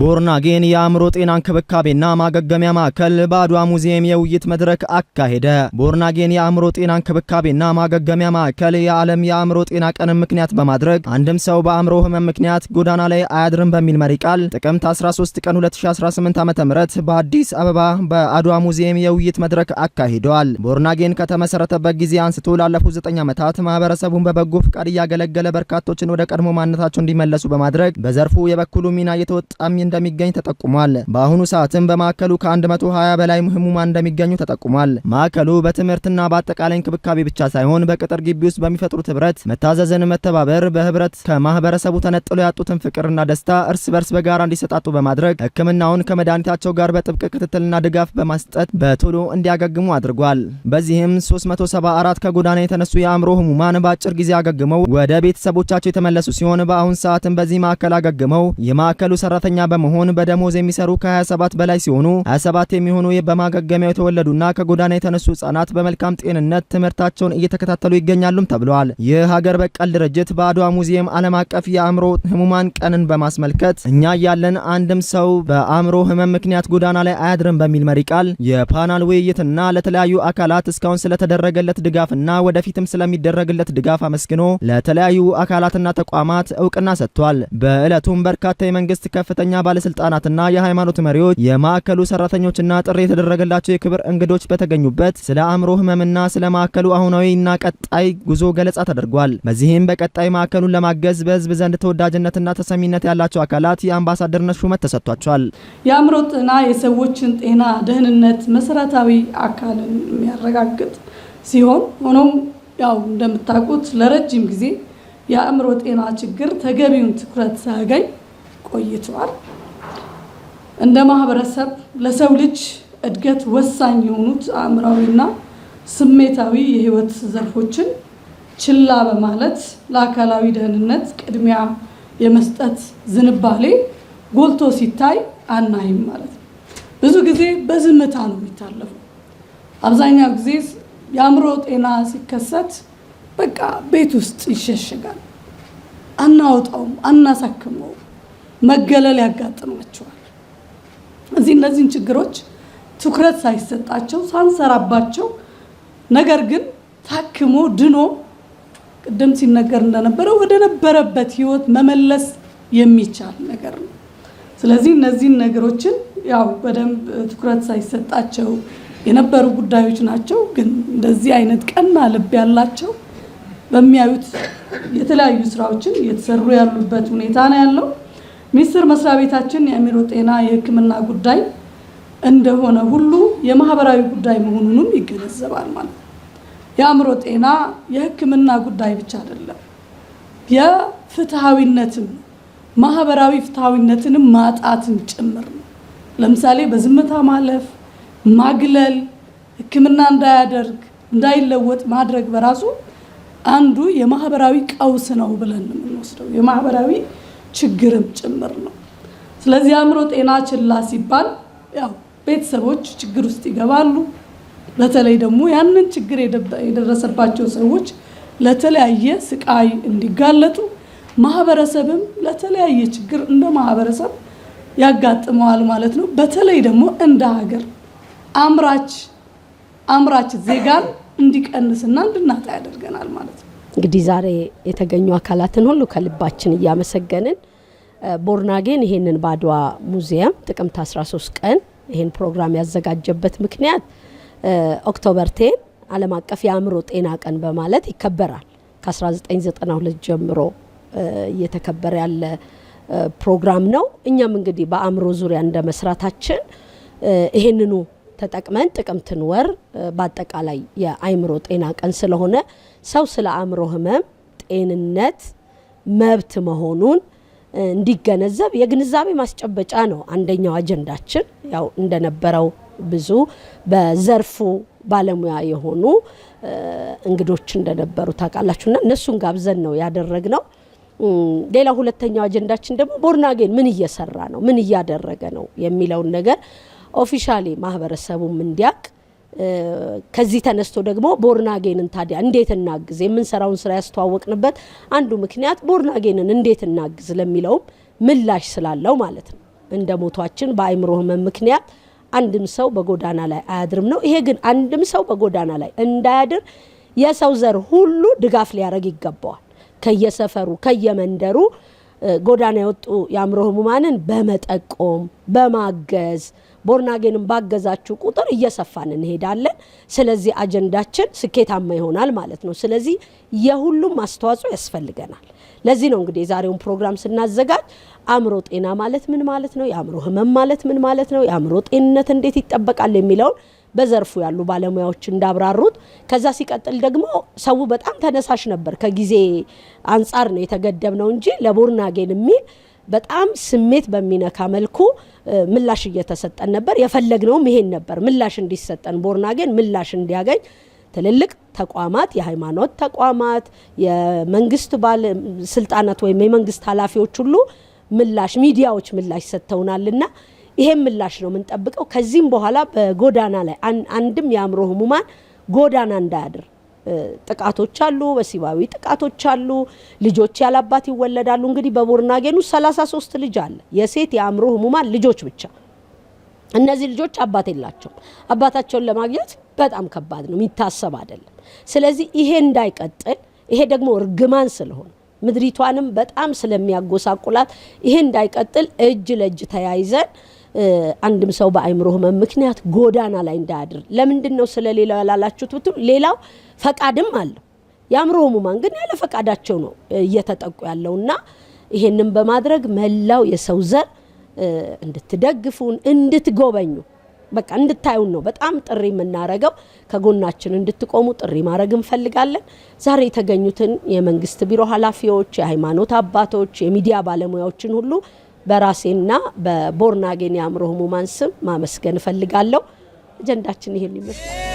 ቦርን አጌን የአእምሮ ጤና እንክብካቤና ማገገሚያ ማዕከል በአድዋ ሙዚየም የውይይት መድረክ አካሄደ። ቦርን አጌን የአእምሮ ጤና እንክብካቤና ማገገሚያ ማዕከል የዓለም የአእምሮ ጤና ቀንን ምክንያት በማድረግ አንድም ሰው በአእምሮ ህመም ምክንያት ጎዳና ላይ አያድርም በሚል መሪ ቃል ጥቅምት 13 ቀን 2018 ዓ.ም በአዲስ አበባ በአድዋ ሙዚየም የውይይት መድረክ አካሂደዋል። ቦርን አጌን ከተመሰረተበት ጊዜ አንስቶ ላለፉት 9 ዓመታት ማህበረሰቡን በበጎ ፍቃድ እያገለገለ በርካቶችን ወደ ቀድሞ ማንነታቸው እንዲመለሱ በማድረግ በዘርፉ የበኩሉ ሚና እየተወጣ። እንደሚገኝ ተጠቁሟል። በአሁኑ ሰዓትም በማዕከሉ ከ120 በላይ ህሙማን እንደሚገኙ ተጠቁሟል። ማዕከሉ በትምህርትና በአጠቃላይ እንክብካቤ ብቻ ሳይሆን በቅጥር ግቢ ውስጥ በሚፈጥሩት ህብረት፣ መታዘዝን፣ መተባበር በህብረት ከማህበረሰቡ ተነጥሎ ያጡትን ፍቅርና ደስታ እርስ በርስ በጋራ እንዲሰጣጡ በማድረግ ህክምናውን ከመድኃኒታቸው ጋር በጥብቅ ክትትልና ድጋፍ በማስጠት በቶሎ እንዲያገግሙ አድርጓል። በዚህም 374 ከጎዳና የተነሱ የአእምሮ ህሙማን በአጭር ጊዜ አገግመው ወደ ቤተሰቦቻቸው የተመለሱ ሲሆን በአሁን ሰዓትም በዚህ ማዕከል አገግመው የማዕከሉ ሰራተኛ በመሆን በደሞዝ የሚሰሩ ከ27 በላይ ሲሆኑ 27 የሚሆኑ በማገገሚያው የተወለዱና ከጎዳና የተነሱ ህጻናት በመልካም ጤንነት ትምህርታቸውን እየተከታተሉ ይገኛሉም ተብለዋል። ይህ ሀገር በቀል ድርጅት በአድዋ ሙዚየም ዓለም አቀፍ የአእምሮ ህሙማን ቀንን በማስመልከት እኛ ያለን አንድም ሰው በአእምሮ ህመም ምክንያት ጎዳና ላይ አያድርም በሚል መሪ ቃል የፓናል ውይይትና ለተለያዩ አካላት እስካሁን ስለተደረገለት ድጋፍና ወደፊትም ስለሚደረግለት ድጋፍ አመስግኖ ለተለያዩ አካላትና ተቋማት እውቅና ሰጥቷል። በዕለቱም በርካታ የመንግስት ከፍተኛ ባለስልጣናትና የሃይማኖት መሪዎች፣ የማዕከሉ ሰራተኞችና ጥሪ የተደረገላቸው የክብር እንግዶች በተገኙበት ስለ አእምሮ ህመምና ስለ ማዕከሉ አሁናዊ እና ቀጣይ ጉዞ ገለጻ ተደርጓል። በዚህም በቀጣይ ማዕከሉን ለማገዝ በህዝብ ዘንድ ተወዳጅነትና ተሰሚነት ያላቸው አካላት የአምባሳደርነት ሹመት ተሰጥቷቸዋል። የአእምሮ ጤና የሰዎችን ጤና ደህንነት መሰረታዊ አካልን የሚያረጋግጥ ሲሆን ሆኖም ያው እንደምታውቁት ለረጅም ጊዜ የአእምሮ ጤና ችግር ተገቢውን ትኩረት ሳያገኝ ቆይተዋል። እንደ ማህበረሰብ ለሰው ልጅ እድገት ወሳኝ የሆኑት አእምራዊና ስሜታዊ የህይወት ዘርፎችን ችላ በማለት ለአካላዊ ደህንነት ቅድሚያ የመስጠት ዝንባሌ ጎልቶ ሲታይ አናይም ማለት ነው። ብዙ ጊዜ በዝምታ ነው የሚታለፉ። አብዛኛው ጊዜ የአእምሮ ጤና ሲከሰት በቃ ቤት ውስጥ ይሸሸጋል፣ አናወጣውም፣ አናሳክመውም። መገለል ያጋጥማቸዋል። እዚህ እነዚህን ችግሮች ትኩረት ሳይሰጣቸው ሳንሰራባቸው፣ ነገር ግን ታክሞ ድኖ ቅድም ሲነገር እንደነበረ ወደ ነበረበት ህይወት መመለስ የሚቻል ነገር ነው። ስለዚህ እነዚህን ነገሮችን ያው በደንብ ትኩረት ሳይሰጣቸው የነበሩ ጉዳዮች ናቸው። ግን እንደዚህ አይነት ቀና ልብ ያላቸው በሚያዩት የተለያዩ ስራዎችን እየተሰሩ ያሉበት ሁኔታ ነው ያለው። ሚኒስቴር መስሪያ ቤታችን የአእምሮ ጤና የሕክምና ጉዳይ እንደሆነ ሁሉ የማህበራዊ ጉዳይ መሆኑንም ይገነዘባል ማለት ነው። የአእምሮ ጤና የሕክምና ጉዳይ ብቻ አይደለም፣ የፍትሐዊነትም ማህበራዊ ፍትሐዊነትንም ማጣትን ጭምር ነው። ለምሳሌ በዝምታ ማለፍ፣ ማግለል፣ ሕክምና እንዳያደርግ እንዳይለወጥ ማድረግ በራሱ አንዱ የማህበራዊ ቀውስ ነው ብለን የምንወስደው የማህበራዊ ችግርም ጭምር ነው። ስለዚህ አእምሮ ጤና ችላ ሲባል ያው ቤተሰቦች ችግር ውስጥ ይገባሉ። በተለይ ደግሞ ያንን ችግር የደረሰባቸው ሰዎች ለተለያየ ስቃይ እንዲጋለጡ ማህበረሰብም ለተለያየ ችግር እንደ ማህበረሰብ ያጋጥመዋል ማለት ነው። በተለይ ደግሞ እንደ ሀገር አምራች አምራች ዜጋን እንዲቀንስና እንድናጣ ያደርገናል ማለት ነው። እንግዲህ ዛሬ የተገኙ አካላትን ሁሉ ከልባችን እያመሰገንን ቦርናጌን ይህንን በአድዋ ሙዚየም ጥቅምት 13 ቀን ይሄን ፕሮግራም ያዘጋጀበት ምክንያት ኦክቶበር ቴን ዓለም አቀፍ የአእምሮ ጤና ቀን በማለት ይከበራል። ከ1992 ጀምሮ እየተከበረ ያለ ፕሮግራም ነው። እኛም እንግዲህ በአእምሮ ዙሪያ እንደ መስራታችን ይህንኑ ተጠቅመን ጥቅምትን ወር በአጠቃላይ የአእምሮ ጤና ቀን ስለሆነ ሰው ስለ አእምሮ ህመም ጤንነት መብት መሆኑን እንዲገነዘብ የግንዛቤ ማስጨበጫ ነው አንደኛው አጀንዳችን። ያው እንደነበረው ብዙ በዘርፉ ባለሙያ የሆኑ እንግዶች እንደነበሩ ታውቃላችሁና እነሱን ጋብዘን ነው ያደረግነው። ሌላ ሁለተኛው አጀንዳችን ደግሞ ቦርናጌን ምን እየሰራ ነው፣ ምን እያደረገ ነው የሚለውን ነገር ኦፊሻሊ ማህበረሰቡም እንዲያቅ ከዚህ ተነስቶ ደግሞ ቦርናጌንን ታዲያ እንዴት እናግዝ የምንሰራውን ስራ ያስተዋወቅንበት አንዱ ምክንያት ቦርናጌንን እንዴት እናግዝ ለሚለውም ምላሽ ስላለው ማለት ነው። እንደ ሞቷችን በአይምሮ ህመም ምክንያት አንድም ሰው በጎዳና ላይ አያድርም ነው። ይሄ ግን አንድም ሰው በጎዳና ላይ እንዳያድር የሰው ዘር ሁሉ ድጋፍ ሊያደርግ ይገባዋል። ከየሰፈሩ ከየመንደሩ ጎዳና የወጡ የአእምሮ ህሙማንን በመጠቆም በማገዝ ቦርናጌንን ባገዛችሁ ቁጥር እየሰፋን እንሄዳለን። ስለዚህ አጀንዳችን ስኬታማ ይሆናል ማለት ነው። ስለዚህ የሁሉም አስተዋጽኦ ያስፈልገናል። ለዚህ ነው እንግዲህ የዛሬውን ፕሮግራም ስናዘጋጅ አእምሮ ጤና ማለት ምን ማለት ነው፣ የአእምሮ ህመም ማለት ምን ማለት ነው፣ የአእምሮ ጤንነት እንዴት ይጠበቃል የሚለውን በዘርፉ ያሉ ባለሙያዎች እንዳብራሩት። ከዛ ሲቀጥል ደግሞ ሰው በጣም ተነሳሽ ነበር። ከጊዜ አንጻር ነው የተገደብ ነው እንጂ ለቦርናጌን የሚል በጣም ስሜት በሚነካ መልኩ ምላሽ እየተሰጠን ነበር። የፈለግነውም ይሄን ነበር፣ ምላሽ እንዲሰጠን ቦርናጌን ምላሽ እንዲያገኝ ትልልቅ ተቋማት፣ የሃይማኖት ተቋማት፣ የመንግስት ባለ ስልጣናት ወይም የመንግስት ኃላፊዎች ሁሉ ምላሽ ሚዲያዎች ምላሽ ሰጥተውናልና ይሄን ምላሽ ነው የምንጠብቀው። ከዚህም በኋላ በጎዳና ላይ አንድም የአእምሮ ህሙማን ጎዳና እንዳያድር ጥቃቶች አሉ፣ ወሲባዊ ጥቃቶች አሉ። ልጆች ያላባት ይወለዳሉ። እንግዲህ በቦርናጌን ውስጥ 33 ልጅ አለ የሴት የአእምሮ ህሙማን ልጆች ብቻ። እነዚህ ልጆች አባት የላቸውም። አባታቸውን ለማግኘት በጣም ከባድ ነው፣ የሚታሰብ አይደለም። ስለዚህ ይሄ እንዳይቀጥል ይሄ ደግሞ እርግማን ስለሆነ ምድሪቷንም በጣም ስለሚያጎሳቁላት ይሄ እንዳይቀጥል እጅ ለእጅ ተያይዘን አንድም ሰው በአእምሮ ህመም ምክንያት ጎዳና ላይ እንዳያድር ለምንድን ነው ስለ ሌላው ያላላችሁት ብትሉ ሌላው ፈቃድም አለው። የአእምሮ ህሙማን ግን ያለ ፈቃዳቸው ነው እየተጠቁ ያለው እና ይሄንን በማድረግ መላው የሰው ዘር እንድትደግፉን እንድትጎበኙ በቃ እንድታዩን ነው በጣም ጥሪ የምናረገው። ከጎናችን እንድትቆሙ ጥሪ ማድረግ እንፈልጋለን። ዛሬ የተገኙትን የመንግስት ቢሮ ኃላፊዎች፣ የሃይማኖት አባቶች፣ የሚዲያ ባለሙያዎችን ሁሉ በራሴና በቦርናጌን የአእምሮ ህሙማን ስም ማመስገን እፈልጋለሁ። አጀንዳችን ይሄን ይመስላል።